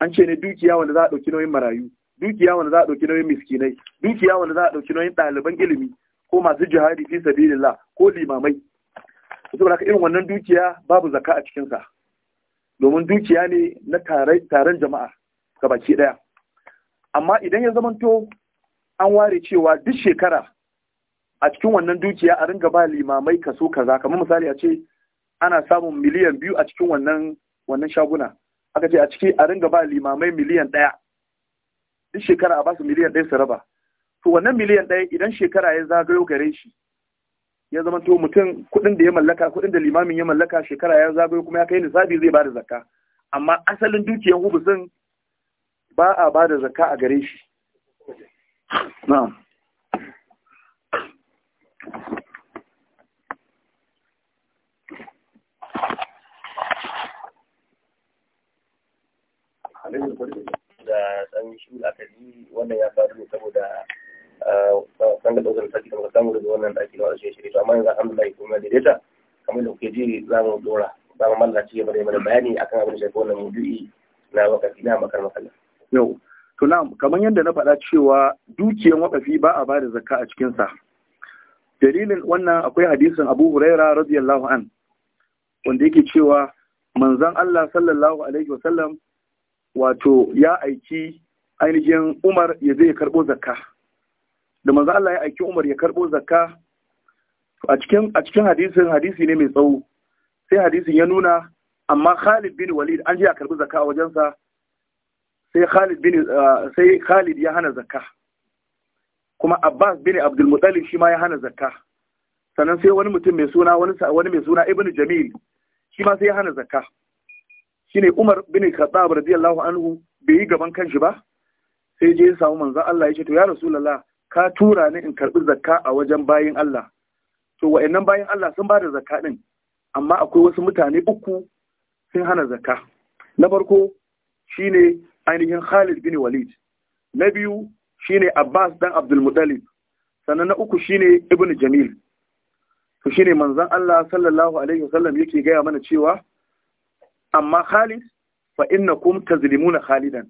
an ce ne dukiya wanda za a ɗauki nauyin marayu dukiya wanda za a ɗauki nauyin miskinai dukiya wanda za a ɗauki nauyin ɗaliban ilimi ko masu jihadi fi sabilillah ko limamai su ka irin wannan dukiya babu zakka a cikinsa domin dukiya ne na taron jama'a ga baki ɗaya amma idan ya zamanto an ware cewa duk shekara a cikin wannan dukiya a ringa ba limamai kaso kaza kamar misali a ce ana samun miliyan biyu a cikin wannan wannan shaguna aka ce a ciki a ringa ba limamai miliyan ɗaya duk shekara a basu miliyan ɗaya su raba to wannan miliyan ɗaya idan shekara ya zagayo gare shi ya zama to mutum kuɗin da ya mallaka kuɗin da limamin ya mallaka shekara ya zagayo kuma ya kai nisabi zai bada zakka amma asalin dukiyar hubusin ba a bada zakka a gare shi Thank da tsawon shi aka yi wannan ya faru ne saboda san ah, da ɗaukar sarki da muka samu daga wannan ake da wasu shirye to amma yanzu alhamdulillah kuma daidaita kamar da kuke ji za mu dora za mu mallaka ci gaba da mana bayani akan abin da shafi wannan mudu'i na wakafi na makar makalla. yau to na kamar yadda na faɗa cewa dukiyan wakafi ba a bada zakka a cikinsa dalilin wannan akwai hadisin abu huraira radiyallahu an wanda yake cewa manzon Allah sallallahu alaihi wasallam wato ya aiki ainihin Umar ya zai karɓo zakka da manzo Allah ya aiki Umar ya karɓo zakka a cikin a cikin hadisin hadisi ne mai tsawo sai hadisin ya nuna amma Khalid bin Walid an ji a karɓi zakka a wajensa eh, sai Khalid ya hana zakka kuma Abbas bin Abdul Muttalib shi ma ya hana zakka sannan sai wani mutum mai suna wani wani mai suna Ibn Jamil shi ma sai ya hana zakka shine Umar bin Khattab radiyallahu anhu bai yi gaban kanshi ba sai je ya samu manzon Allah ya ce to ya Rasulullah ka tura ni in karɓi zakka a wajen bayin Allah to wa'annan bayin Allah sun bada zakka din amma akwai wasu mutane uku sun hana zakka na farko shine ainihin Khalid bin Walid na biyu shine Abbas dan Abdul Muttalib sannan na uku shine Ibn Jamil to shine manzon Allah sallallahu alaihi wasallam yake gaya mana cewa amma Khalid fa kum tazlimuna Khalidan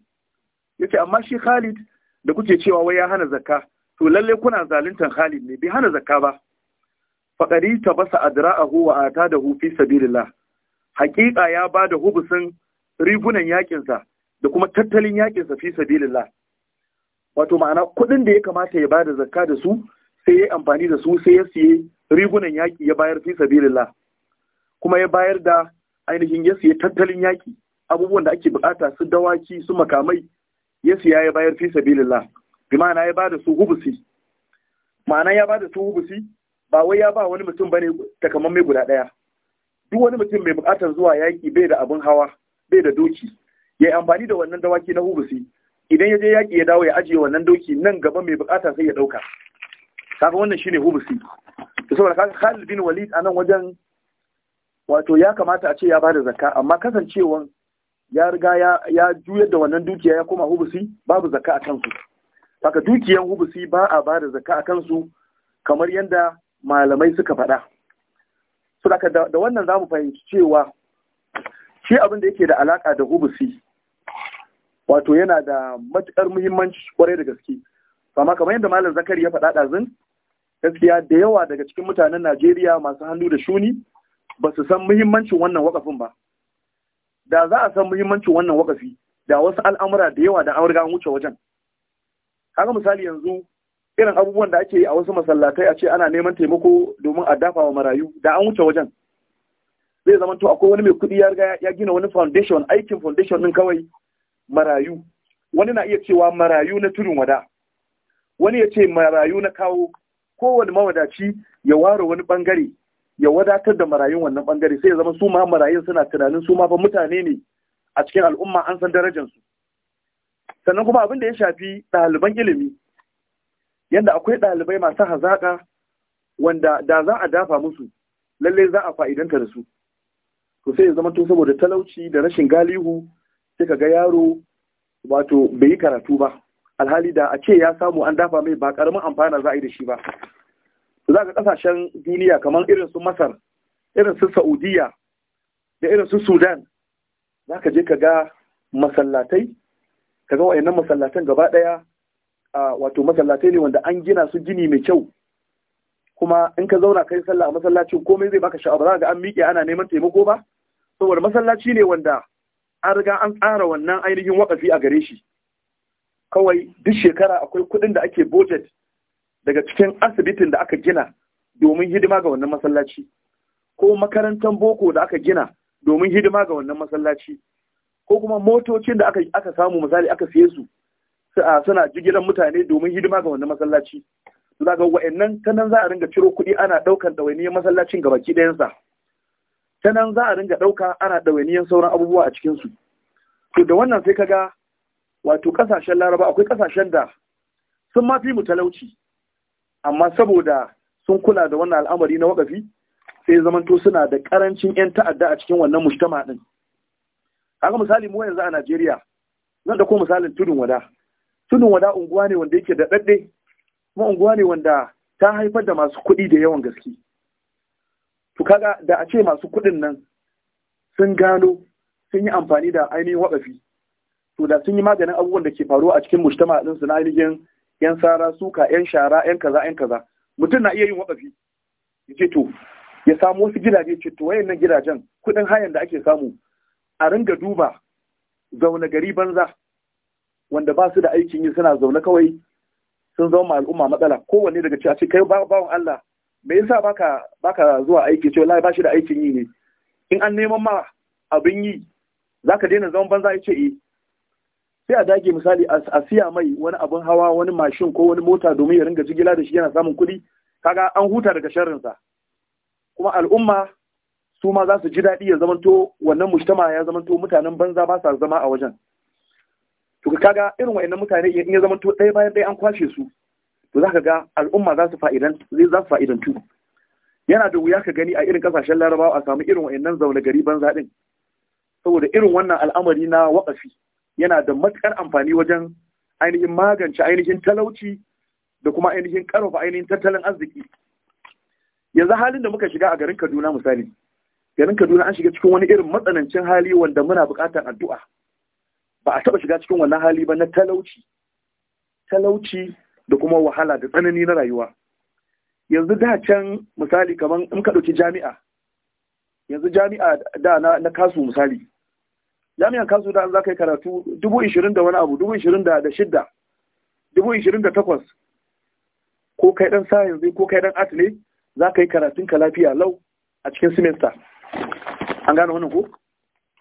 yace amma shi Khalid da kuke cewa wai ya hana zakka to lalle kuna zaluntan Khalid ne bai hana zakka ba faqari tabasa adra'ahu wa atadahu fi sabilillah haqiqa ya bada hubusin rigunan yakin sa da kuma tattalin yakin sa fi sabilillah wato ma'ana kudin da ya kamata ya bada zakka da su sai ya amfani da su sai ya siye rigunan yaki ya bayar fi sabilillah kuma ya bayar da ainihin ya siya tattalin yaki abubuwan da ake bukata su dawaki su makamai ya siya ya bayar fi sabilillah bi ma'ana ya bada su hubusi ma'ana ya bada su hubusi ba wai ya ba wani mutum bane takamammai guda ɗaya. duk wani mutum mai bukatar zuwa yaki bai da abin hawa bai da doki ya yi amfani da wannan dawaki na hubusi idan ya je yaki ya dawo ya ajiye wannan doki nan gaba mai bukata sai ya ɗauka. kaga wannan shine hubusi saboda kaga Khalid bin Walid nan wajen wato ya kamata a ce ya bada zakka amma kasancewan ya riga ya juyar da wannan dukiya ya koma hubusi babu zakka a kansu haka dukiyan hubusi ba a bada zakka a kansu kamar yadda malamai suka faɗa su da wannan zamu mu fahimci cewa shi abin da yake da alaka da hubusi wato yana da matukar muhimmanci kwarai da gaske amma kamar yadda malam zakari ya faɗa ɗazin gaskiya da yawa daga cikin mutanen najeriya masu hannu da shuni ba su san muhimmancin wannan wakafin ba da za a san muhimmancin wannan wakafi da wasu al'amura da yawa da an riga an wuce wajen kaga misali yanzu irin abubuwan da ake yi a wasu masallatai a ce ana neman taimako domin a dafa wa marayu da an wuce wajen zai zama to akwai wani mai kuɗi ya riga ya gina wani foundation aikin foundation din kawai marayu wani na iya cewa marayu na tudun wada wani ya ce marayu na kawo kowane mawadaci ya ware wani bangare ya wadatar da marayun wannan bangare sai ya zama su ma marayun suna tunanin su ma fa mutane ne a cikin al'umma an san darajar su sannan kuma abin da ya shafi ɗaliban ilimi yadda akwai ɗalibai masu hazaƙa wanda da za a dafa musu lallai za a fa'idanta da su to sai ya zama to saboda talauci da rashin galihu sai ka ga yaro wato bai yi karatu ba alhali da a ce ya samu an dafa mai ba karamin amfana za a yi da shi ba za ga kasashen duniya kamar irin su masar irin su saudiya da irin su sudan za ka je ka ga masallatai ka ga wayannan masallatan gaba daya wato masallatai ne wanda an gina su gini mai kyau kuma in ka zauna kai sallah a masallaci, komai zai baka sha'awa za ga an miƙe ana neman taimako ba saboda masallaci ne wanda an riga an tsara wannan ainihin wakafi a gare shi kawai duk shekara akwai kuɗin da ake budget daga cikin asibitin da aka gina domin hidima ga wannan masallaci ko makarantar boko da aka gina domin hidima ga wannan masallaci ko kuma motocin da aka, aka samu misali aka siye su suna jigilar mutane domin hidima ga wannan masallaci za ga wa'annan ta nan za a ringa ciro kuɗi ana ɗaukar ɗawainiyar masallacin gabaki ɗayansa ta nan za a ringa ɗauka ana ɗawainiyar sauran abubuwa a cikinsu to da wannan sai ka ga, wato ƙasashen laraba akwai ƙasashen da sun ma fi mu talauci amma saboda sun kula da wannan al'amari na wakafi sai zamanto suna da karancin 'yan ta'adda a cikin wannan mujtama din haka misali mu yanzu a Najeriya zan da ko misalin tudun wada tudun wada unguwa ne wanda yake da dadde kuma unguwa ne wanda ta haifar da masu kuɗi da yawan gaske to kaga da a ce masu kuɗin nan sun gano sun yi amfani da ainihin wakafi to da sun yi maganin abubuwan da ke faruwa a cikin mujtama din su na ainihin yan sara suka yan shara yan kaza yan kaza mutum na iya yin wakafi ya to ya samu wasu gidaje ce to wayannan gidajen kuɗin hayan da ake samu a ringa duba zaune gari banza wanda ba su da aikin yi suna zaune kawai sun zama al'umma matsala kowanne daga cewa ce kai bawan Allah me yasa baka baka zuwa aiki ce wallahi bashi da aikin yi ne in an neman ma abin yi zaka daina zaman banza yace eh sai a dage misali a siya mai wani abin hawa wani mashin ko wani mota domin ya ringa jigila da shi yana samun kuɗi kaga an huta daga sharrinsa kuma al'umma su ma za su ji daɗi ya zamanto wannan mujtama ya zamanto mutanen banza ba sa zama a wajen to kaga irin wa'annan mutane in ya zamanto ɗaya bayan ɗaya an kwashe su to za ka ga al'umma za su fa'idantu yana da wuya ka gani a irin kasashen larabawa a samu irin wa'annan zaune gari banza ɗin saboda irin wannan al'amari na waƙafi yana da matukar amfani wajen ainihin magance ainihin talauci da kuma ainihin karfafa ainihin tattalin arziki yanzu halin da muka shiga a garin Kaduna misali garin Kaduna an shiga cikin wani irin matsanancin hali wanda muna buƙatar addu'a ba a taɓa shiga cikin wannan hali ba na talauci talauci da kuma wahala da tsanani na rayuwa yanzu da can misali kamar in ka ɗauki jami'a yanzu jami'a da na, na kasu misali jami'an kasu da za ka yi karatu dubu ishirin da wani abu dubu ishirin da shidda dubu ishirin da takwas ko kai dan science yanzu ko kai dan art ne za ka yi karatun ka lafiya lau a cikin semester an gane wannan ko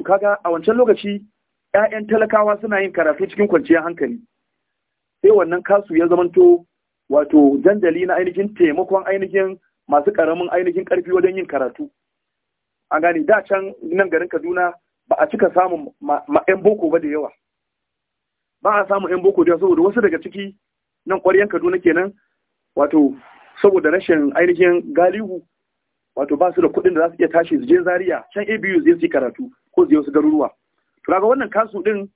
kaga a wancan lokaci 'ya'yan talakawa suna yin karatu cikin kwanciyar hankali sai wannan kasu ya zamanto wato dandali na ainihin taimakon ainihin masu karamin ainihin karfi wajen yin karatu an gane da can nan garin kaduna ba a cika samun ma'yan boko ba da yawa ba a samun ƴan boko da yawa saboda wasu daga ciki nan ƙwaryen kaduna kenan wato saboda rashin ainihin galihu wato ba su da kuɗin da za su iya tashi su je Zariya, can abu zai su karatu ko zai wasu garuruwa to daga wannan kasu din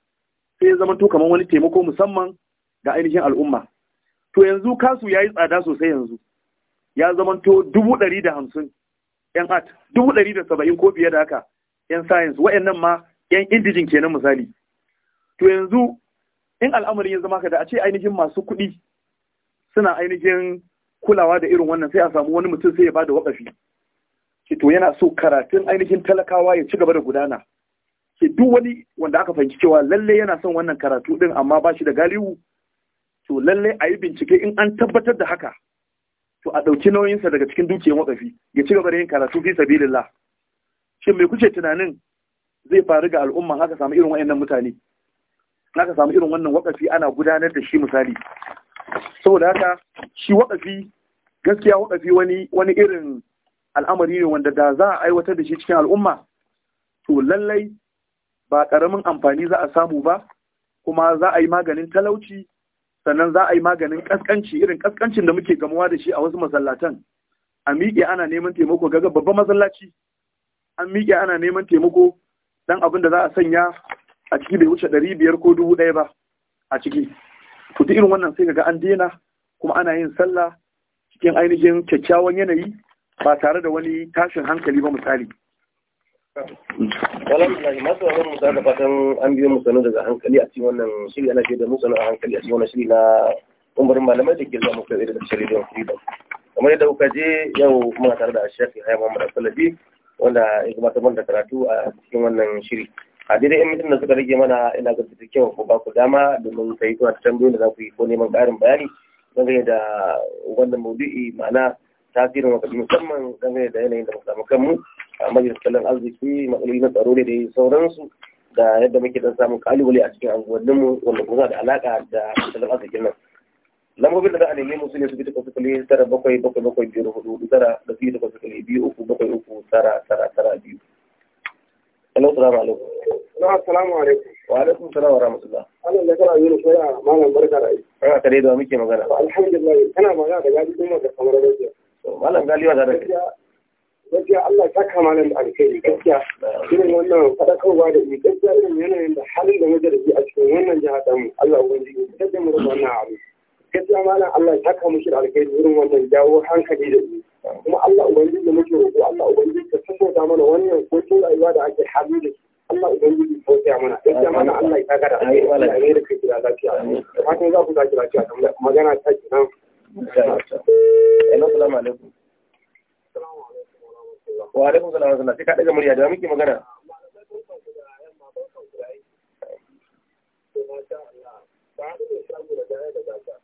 sai ya zamanto kamar wani taimako musamman ga ainihin al'umma to yanzu kasu ya yi tsada sosai yanzu ya zamanto dubu ɗari da hamsin yan at dubu ɗari da saba'in ko fiye da haka yan science wayannan ma yan indijin kenan misali to yanzu in al'amarin ya zama kada a ce ainihin masu kuɗi suna ainihin kulawa da irin wannan sai a samu wani mutum sai ya bada wakafi to yana so karatun ainihin talakawa ya ci gaba da gudana ke duk wani wanda aka fahimci cewa lalle yana son wannan karatu din amma ba shi da galihu to lalle a yi bincike in an tabbatar da haka to a ɗauki nauyinsa daga cikin dukiyar wakafi ya ci gaba da yin karatu fi sabilillah Shin mai kuce tunanin zai faru ga al'umma haka samu irin wayannan mutane haka samu irin wannan wakafi ana gudanar da shi misali saboda haka shi wakafi gaskiya wakafi wani wani irin al'amari ne wanda da za a aiwatar da shi cikin al'umma to lallai ba karamin amfani za a samu ba kuma za a yi maganin talauci sannan za a yi maganin kaskanci irin kaskancin da muke gamuwa da shi a wasu masallatan a miƙe ana neman taimako gaga babban masallaci an miƙe ana neman taimako dan abin da za a sanya a ciki bai wuce ɗari biyar ko dubu ɗaya ba a ciki to irin wannan sai kaga an daina kuma ana yin sallah cikin ainihin kyakkyawan yanayi ba tare da wani tashin hankali ba misali alhamdulillah masu wani musa da fatan an biyo musanu daga hankali a cikin wannan shiri ana da musanu a hankali a cikin wannan shiri na umarin malamai da ke zama kai daga shirin freedom kamar yadda kuka je yau muna tare da shafi haya muhammad asalabi wanda ya gabatar da karatu a cikin wannan shiri a daidai yan mutum da suka rage mana ina ga ta kyau ko ba ku dama domin ka yi kuna tambayoyin da za ku yi ko neman ƙarin bayani dangane da wannan maudu'i ma'ana tasirin kaɗi musamman dangane da yanayin da muka samu kanmu a majalisar tattalin arziki matsaloli na tsaro da sauransu da yadda muke dan samun ƙalubale a cikin anguwanninmu wanda kuma da alaƙa da tattalin arzikin nan lambobin da za a nemi musu ne su bi takwas sifili tara bakwai bakwai bakwai biyar hudu hudu tara da su yi takwas sifili biyu uku bakwai uku tara tara tara biyu. Hello, salamu alaikum. Na, salamu alaikum. Wa alaikum salam wa rahmatullah. Allah da kana yunus ya malam barka da aiki. Kana kare da muke magana. Alhamdulillah, kana magana da gadi kuma da kamar rajiya. Malam galiwa da rajiya. Gaskiya Allah ta kama nan da alkhairi gaskiya. Irin wannan fadakarwa da ni gaskiya irin yanayin da halin da muke da a cikin wannan jihar damu. Allah ubangiji, gaskiya mu da wannan abu. gaskiya malam Allah ya saka mushi da alkhairi wurin wannan jawo hankali da ni kuma Allah ubangiji muke roƙo Allah ubangiji ka saboda mana wannan ko kotun rayuwa da ake hali da Allah ubangiji ko tsaya mana gaskiya mana Allah ya saka da alkhairi Allah ya rika da lafiya fatan za ku ga kira lafiya magana ta ki nan assalamu alaikum wa alaikum salam wa rahmatullah sai ka daga murya da muke magana Allah ba da you.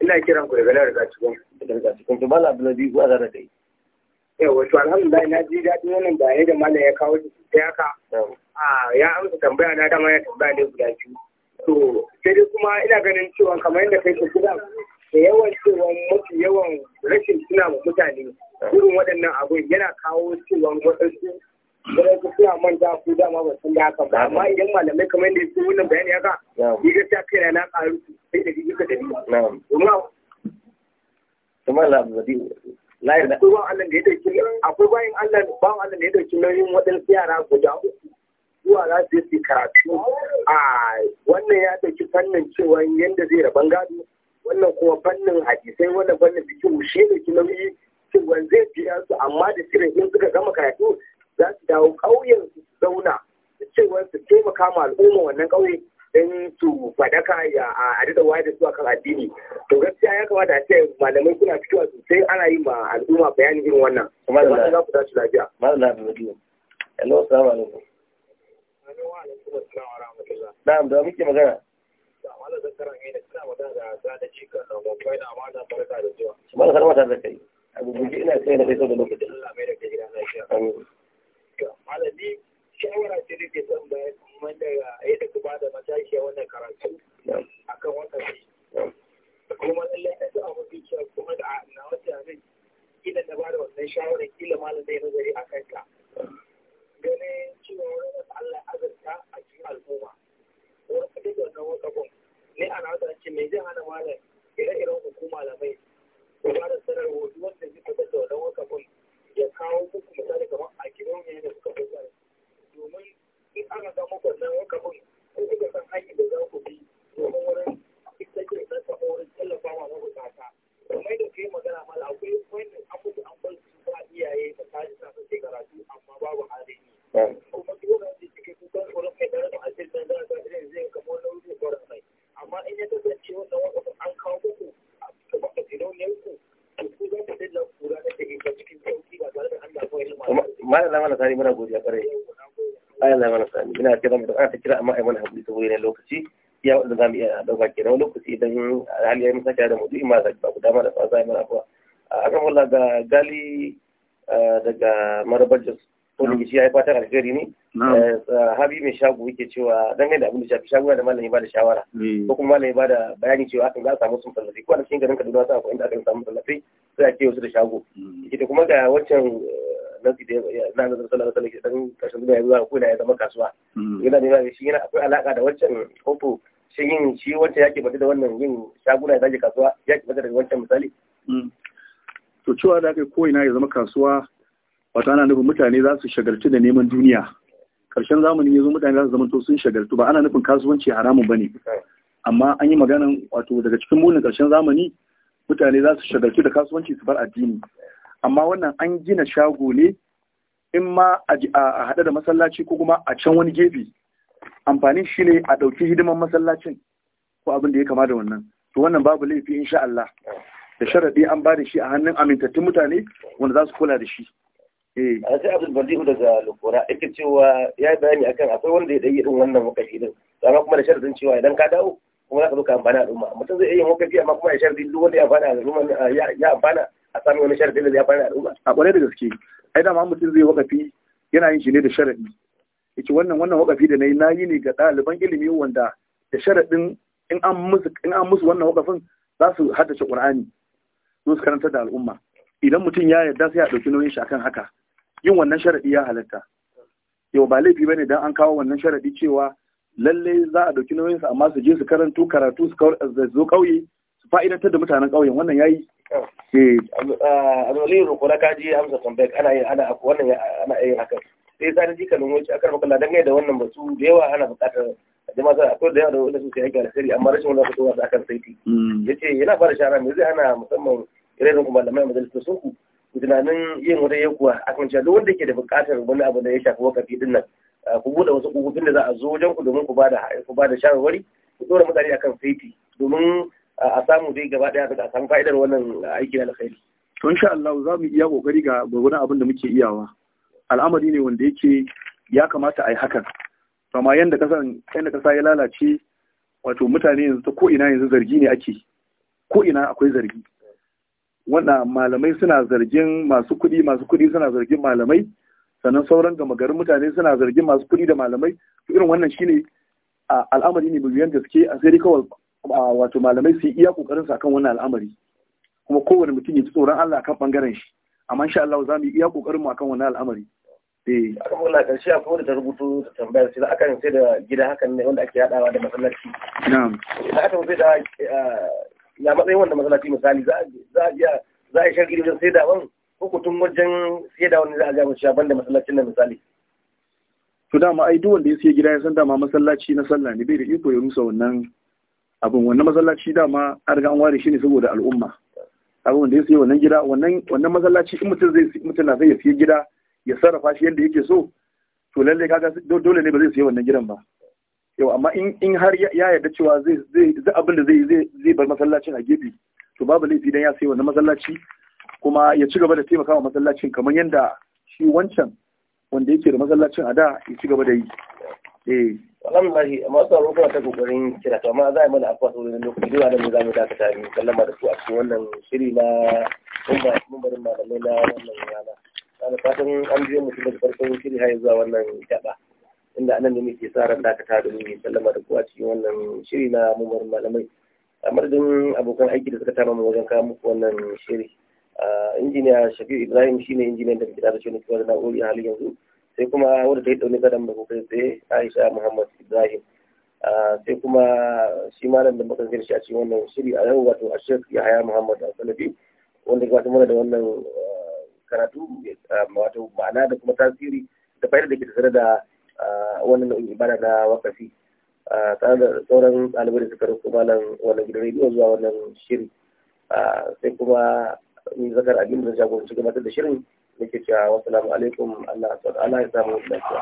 ina kiran ku daga daga cikin daga cikin to malam Abdullahi ku azara dai yawa to alhamdulillah na ji daɗin wannan da bayanai da malam ya kawo shi sai haka a ya amsa tambaya na dama ya tambaya ne guda biyu to sai dai kuma ina ganin cewa kamar yadda kai ke gida da yawan cewa mafi yawan rashin suna mutane irin waɗannan abun yana kawo cewa waɗansu Kuma ku suna manta ku dama ba sun da haka ba. Amma idan malamai kamar yadda yake wannan bayani haka, ni ga ta kai na ƙaru sai da jiki da ni. Kuma kuma labari layar da akwai Allah da ya akwai bayan Allah bayan Allah da ya dauki nauyin waɗansu yara guda uku zuwa za su yi karatu a wannan ya dauki fannin cewa yadda zai raban gado wannan kuma fannin hadisai wannan fannin bikin shi ne ki nauyi cewa zai biya su amma da shirin in suka gama karatu za su dawo ƙauyen su zauna da cewa su taimaka ma al'umma wannan ƙauye don su faɗaka ya a daɗa da su akan addini to gaskiya ya kamata a ce malamai suna fitowa sosai ana yi ma al'umma bayanin irin wannan kuma za ku tashi lafiya. Malam Abdulmadu. Hello, assalamu alaikum. Na'am, da muke magana. Malam Zakaran ne suna magana da Sani Jikan da Mumbai na Amana Barka da Jiwa. Malam Sarwata da kai. Abubuwa ina kai na kai sau da lokacin. sani muna godiya kwarai ai Allah mana sani ina kira mu ana kira amma ai mana hakuri saboda yanayin lokaci iya wanda zamu iya dauka kenan lokaci idan hali ya musaka da mutum ma zaki ba ku dama da fasa mana kuwa a kan wallah ga gali daga marabar jos ko da shi ya yi fatan alheri ne eh, habi mai shagu yake cewa dangane da abin da shafi shago da malami ba da shawara mm. ko kuma malami ba da bayani cewa akan za a samu sun tallafi ko a cikin garin kaduna sa akwai inda akan samu tallafi sai a ke wasu da shagu mm. ita kuma ga waccan nasi da na nazar sallallahu alaihi wasallam dan karshen duniya zuwa ko da ya zama kasuwa yana da nuna shi yana akwai alaka da wancan hoto shi yin shi wancan yake bata da wannan yin shaguna ya zage kasuwa yake bata da wancan misali hmm. to cewa da kai ko ina ya zama kasuwa wata ana nufin mutane za su shagaltu da neman duniya karshen zamani yanzu mutane za su zama to sun shagaltu ba ana nufin kasuwanci haramun ba ne amma an yi maganan wato daga cikin munin karshen zamani mutane za su shagaltu da kasuwanci su bar addini amma wannan an gina shago ne in ma a haɗe da masallaci ko kuma a can wani gefe amfanin shi ne a ɗauki hidiman masallacin ko abin da ya kama da wannan to wannan babu laifi insha Allah da sharaɗi an ba da shi a hannun amintattun mutane wanda za su kula da shi eh. a sai abin balihu daga lokora ita cewa ya bayani akan akwai wanda ya dai irin wannan wakafi din amma kuma da sharaɗin cewa idan ka dawo kuma za ka zo ka amfana al'umma mutum zai iya yin wakafi amma kuma ya sharaɗin duk wanda ya amfana al'umma ya amfana a sami wani sharadi da ya bayar al'umma a kwarai da gaske ai dama mutum zai wakafi yana yin shi ne da sharadi yake wannan wannan wakafi da nayi nayi ne ga ɗaliban ilimi wanda da sharadin in an musu in an musu wannan wakafin za su haddace Qur'ani su su karanta da al'umma idan mutum ya yarda sai a ɗauki nauyin shi akan haka yin wannan sharadi ya halatta yau ba laifi bane dan an kawo wannan sharadi cewa lallai za a ɗauki su amma su je su karanto karatu su zo ƙauye fa'idantar da mutanen ƙauyen wannan yayi eh. eh, alwali rukuna ka je amsa tambayar ana yin ana wannan ana yin haka sai sani ji kalin wuce akar makalla dangane da wannan batu da yawa ana buƙatar jama'a sai akwai da yawa da wanda suke aiki alheri amma rashin wani fitowa da akan saiti mm. Ya ce yana fara shara me zai ana musamman irin kuma malamai majalisar sun ku tunanin yin wata a kan cewa duk wanda ke da buƙatar wani abu da ya shafi wakafi din nan eh, ku buɗe wasu ƙofofin da za a zo wajen ku domin ku ba da shawarwari ku ɗora mutane akan saiti domin a samu dai gaba daya daga samun fa'idar wannan aiki na alkhairi to insha Allah za mu iya kokari ga gwagwarin abin da muke iyawa al'amari ne wanda yake ya kamata a yi hakan amma yanda kasan yanda kasa ya lalace wato mutane yanzu ta ko ina yanzu zargi ne ake ko ina akwai zargi wannan malamai suna zargin masu kuɗi masu kuɗi suna zargin malamai sannan sauran gama garin mutane suna zargin masu kuɗi da malamai irin wannan shine al'amari ne mai gaske a sai kawai wato malamai su yi iya kokarin sa akan wannan al'amari kuma kowane mutum ya ji tsoron Allah akan bangaren shi amma insha Allah za mu yi iya kokarin mu akan wannan al'amari eh akan wannan karshe akwai wanda ta rubutu da tambayar sai aka sai da gida hakan ne wanda ake hadawa da masallaci na'am aka sai da eh, ya matsayin wanda masallaci misali za za iya za a shirgi wajen sai da wan hukutun wajen sai da wani za a ga mu shaban da masallacin nan misali to dama ai duk wanda ya sai gida ya san dama masallaci na sallah ne bai da iko ya rusa wannan abin wannan masallaci dama an riga an ware shi ne saboda al'umma abin da ya siya wannan gida wannan masallaci in mutum zai mutum na zai ya siya gida ya sarrafa shi yadda yake so to lalle kaga dole ne ba zai siya wannan gidan ba yau amma in har ya yarda cewa zai zai abin da zai zai bar masallacin a gefe to babu laifi dan ya siya wannan masallaci kuma ya ci gaba da taimakawa masallacin kamar yadda shi wancan wanda yake da masallacin a da ya ci gaba da yi eh alhamdulillah amma tsaro kuma ta kokarin kira to amma za a yi mana afuwa saboda lokaci da wannan za mu dakata ne sallama da su a cikin wannan shiri na umma mumbarin malamai na wannan rana ana fatan an biyo mutum daga farkon shiri har zuwa wannan gaba inda anan ne muke sa ran dakata domin mu sallama da ku a cikin wannan shiri na mumbarin malamai kamar din abokan aiki da suka tama mu wajen kawo muku wannan shiri ah, injiniya shafiu ibrahim shine injiniyan da ke da shi ne kuma da na'uri a halin yanzu sai kuma wadda ta yi ɗauni gadon da kuka tsaye aisha muhammad ibrahim sai kuma shi malam da muka shi a cikin wannan shiri a yau wato ashek haya muhammad a salafi wanda ya gabatar mana da wannan karatu wato ma'ana da kuma tasiri da fa'ida da ke tattare da wannan nau'in ibada na wakafi tare da sauran ɗalibai da suka rufe malam wannan gidan rediyo zuwa wannan shiri sai kuma ni zakar abin da jagoranci gabatar da shirin nake cewa wasu alaikum Allah ya samu lafiya